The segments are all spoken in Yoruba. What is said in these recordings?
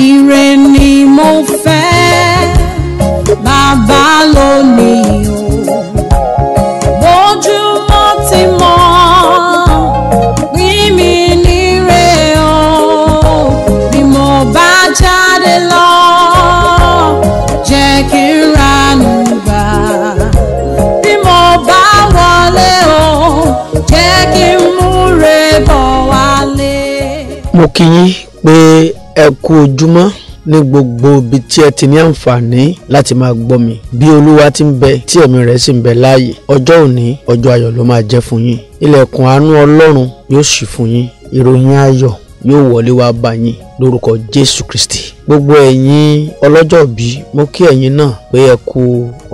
Ire ni mo fẹ́ bàbá lónìí o. Bójúmọ́ ti mọ́ pín mi níre o. Bí mo bá jáde lọ, jẹ́ kí n ranú gbà. Bí mo bá wọlé o, jẹ́ kí n múre bọ̀ wálé. Mo kí yín pé ẹ kú ojúmọ́ ní gbogbo ibi tí ẹ ti ní àǹfààní láti máa gbọ́ mi bí olúwa ti ń bẹ tí ẹ̀mí rẹ̀ sì ń bẹ láàyè ọjọ́ òní ọjọ́ ayọ̀ ló máa jẹ́ fún yín ilẹ̀kùn àánú ọlọ́run yóò ṣí fún yín ìròyìn ayọ̀ yóò wọlé wá bá yín lórúkọ jésù kristi gbogbo ẹ̀yin ọlọ́jọ́ bí mo kí ẹ̀yin náà pé ẹ kú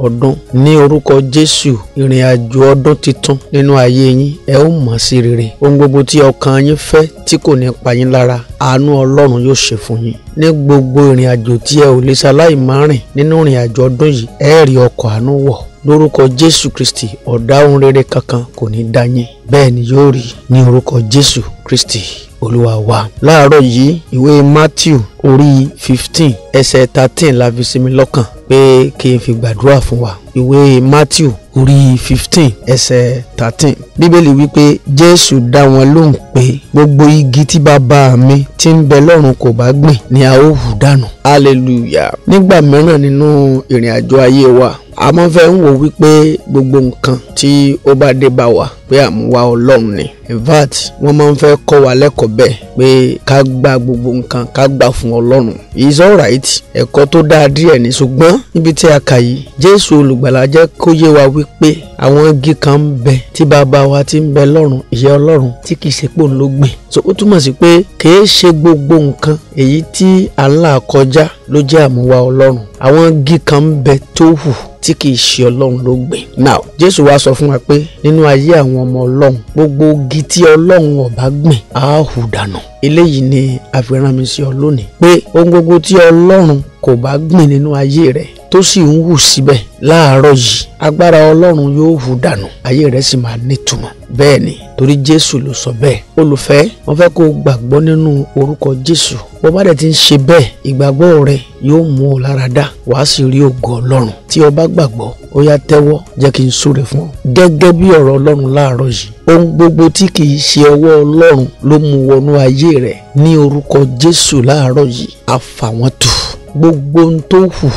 ọdún ní orúkọ jésù ìrìn àjò ọdún titun nínú ayé yín ẹ ó mọ̀ sí rere ohun gbogbo tí ọkàn yín fẹ́ tí kò ní pa yín lára àánú ọlọ́run yóò ṣe fún yín ní gbogbo ìrìn àjò tí ẹ ò lè ṣaláì má rìn nínú ìrìn àjò ọdún yìí ẹ rí ọkọ̀ àánú wọ̀ lórúkọ jésù kristi ọ̀dá ohun rere kankan kò ní dá yín bẹ́ẹ̀ ni yóò rí ní orúkọ jésù kristi olúwa wa. láàárọ̀ yìí ìwé Matthew orí fifteen ẹsẹ̀ thirteen la fi sinmi lọ́kàn pé kí n fi gbàdúrà fún wa ìwé Matthew orí fifteen ẹsẹ̀ thirteen bíbélì wípé Jésù dá wọn lóhùn pé gbogbo igi tí bàbá mi ti ń bẹ lọ́run kò bá gbìn ni a ó hù dànù hallelujah nígbà mìíràn nínú ìrìn àjò ayé wa àmọ́ fẹ́ ń wò wípé gbogbo nǹkan tí ó bá dé bá wa pé àmúwá ọlọ́run ni in fact wọ́n máa ń fẹ́ kọ́ wa lẹ́kọ̀ọ́ bẹ́ẹ̀ pé ká gba gbogbo nǹkan ká gbà fún ọlọ́run is alright ẹ̀kọ́ tó dáa díẹ̀ ní ṣùgbọ́n níbi tí a kà yìí jésù olùgbàlà jẹ́ kó yé wa wípé àwọn igi kan ń bẹ tí bàbá wa ti ń bẹ lọ́run ìyá ọlọ́run tí kì í ṣe pò ń ló gbìn so ó túmọ̀ sí pé kìí ṣe gbogbo nǹkan èyí tí à ń là kọjá ló jẹ́ àmúwá ọlọ́run àwọn igi kan ń bẹ tó hù tí kì í ṣe ọlọ́run ló gbìn. now jésù wá sọ fún wa pé nínú ayé àwọn ọmọ ọlọ́run gbogbo igi tí ọlọ́run ọ̀bá gbìn á hù dànù eléyìí ni àfihàn mi sí ọ lónìí pé ohun gbogbo tí ọlọ́run kò bá gbìn nínú ayé rẹ tó sì ń wù síbẹ̀ láàárọ̀ yìí agbára ọlọ́run yóò hù dànù ayé rẹ sì máa nítumọ̀ bẹ́ẹ̀ ni torí jésù ló sọ bẹ́ẹ̀ olùfẹ́ wọn fẹ́ kó o gbàgbọ́ nínú orúkọ jésù bó bá dẹ̀ ti ń ṣe bẹ́ẹ̀ ìgbàgbọ́ rẹ yóò mú ọ lára dá wàá sì rí ògo ọlọ́run tí o gbàgbọ́ ó yá tẹ́wọ́ jẹ́ kí n súre fún ọ gẹ́gẹ́ bí ọ̀rọ̀ ọlọ́run láàárọ̀ yìí ohun gbogbo tí kì í ṣe ọwọ́ ọlọ́run ló mú wọnú ayé rẹ ní orúkọ jésù láàárọ̀ yìí àfàwọ́n tù gbogbo ohun tó hù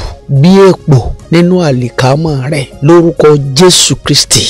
bí èpò nínú àlìkámọ̀ rẹ̀ lórúkọ Jésù Kristi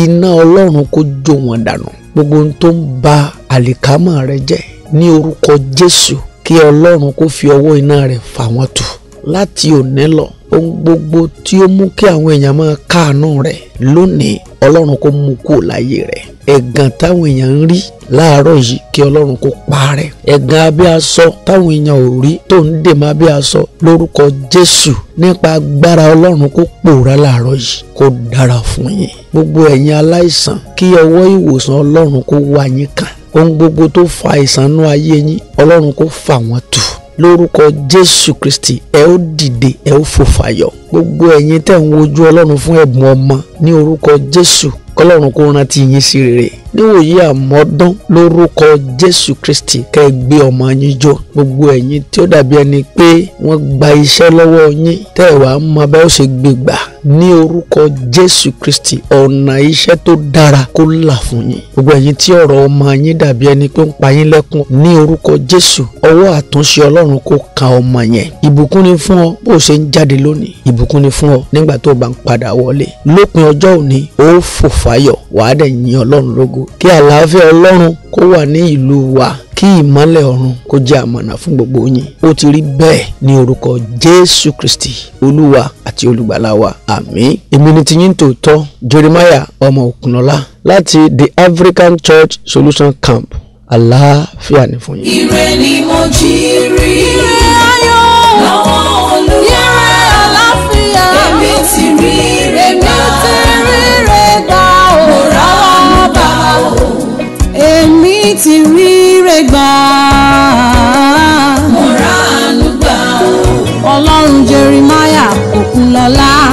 iná Ọlọ́run kó jó wọn dànù gbogbo ohun tó ń ba àlìkámọ̀ rẹ̀ jẹ́ ní orúkọ Jésù kí Ọlọ́run kó fi ọwọ́ iná rẹ̀ fà wọ́n tù láti òní lọ ohun gbogbo tí ó mú kí àwọn èèyàn máa káàánú rẹ̀ lónìí ọlọ́run kó mú kúrò láyé rẹ̀ ẹ̀gàn táwọn èèyàn ń rí láàárọ̀ yìí kí ọlọ́run kó parẹ́ ẹ̀gàn abẹ́ aṣọ táwọn èèyàn ò rí tó ń dè mọ́ abẹ́ aṣọ lórúkọ jésù nípa agbára ọlọ́run kó pòórá láàárọ̀ yìí kó dára fún yín gbogbo ẹ̀yin aláìsàn kí ọwọ́ ìwòsàn ọlọ́run kó wá yín kàn ohun gbogbo tó fa àìsàn ayé yín ọlọ́run kó fà wọ́n tù lórúkọ jésù kristi ẹ ó dìde ẹ ó fò fàyọ gbogbo ẹ̀yin tẹ́ ń wojú ọlọ́run fún ẹ̀bùn ọmọ ní orúkọ jésù kọlọ́run kó rántí yín sí rere níwòyí àmọ́dán lórúkọ jésù kristi kẹ́ ẹ gbé ọmọ yín jó gbogbo ẹ̀yin tí ó dàbí ẹni pé wọ́n gba iṣẹ́ lọ́wọ́ yín tẹ́ ẹ̀ wá mọ bá ó ṣe gbé gbà ní orúkọ jésù kristi ọ̀nà iṣẹ́ tó dára kó là fún yín gbogbo ẹ̀yin tí ọ̀rọ̀ ọmọ yín dàbí ẹni pé ń pa yín lẹ́kún ní orúkọ jésù ọwọ́ àtúnṣe ọlọ́run kó kan ọmọ yẹn ìbùkún ni fún ọ bó ṣe ń jáde lónìí ìbùkún ni fún ọ nígbà tó o bá ń padà wọlé lópin ọjọ́ òní ó fòf fáyọ̀ wàá dẹ̀ yin ọlọ́run lógo kí àlàáfíà ọlọ́run kó wà ní ìlú wa kí ìmọ́lẹ̀ ọ̀run kó jẹ́ àmọ̀nà fún gbogbo yín ó ti rí bẹ́ẹ̀ ní orúkọ jésù kristi olúwa àti olùgbàlà wa èmi ni tiyín tòótọ́ jeremiah ọmọ òkunlọ́lá láti the african church solution camp àlàáfíà ní fún yín. ire ni mo jí rí rẹ́. ọlọ́run jeremiah òkunlọ́lá.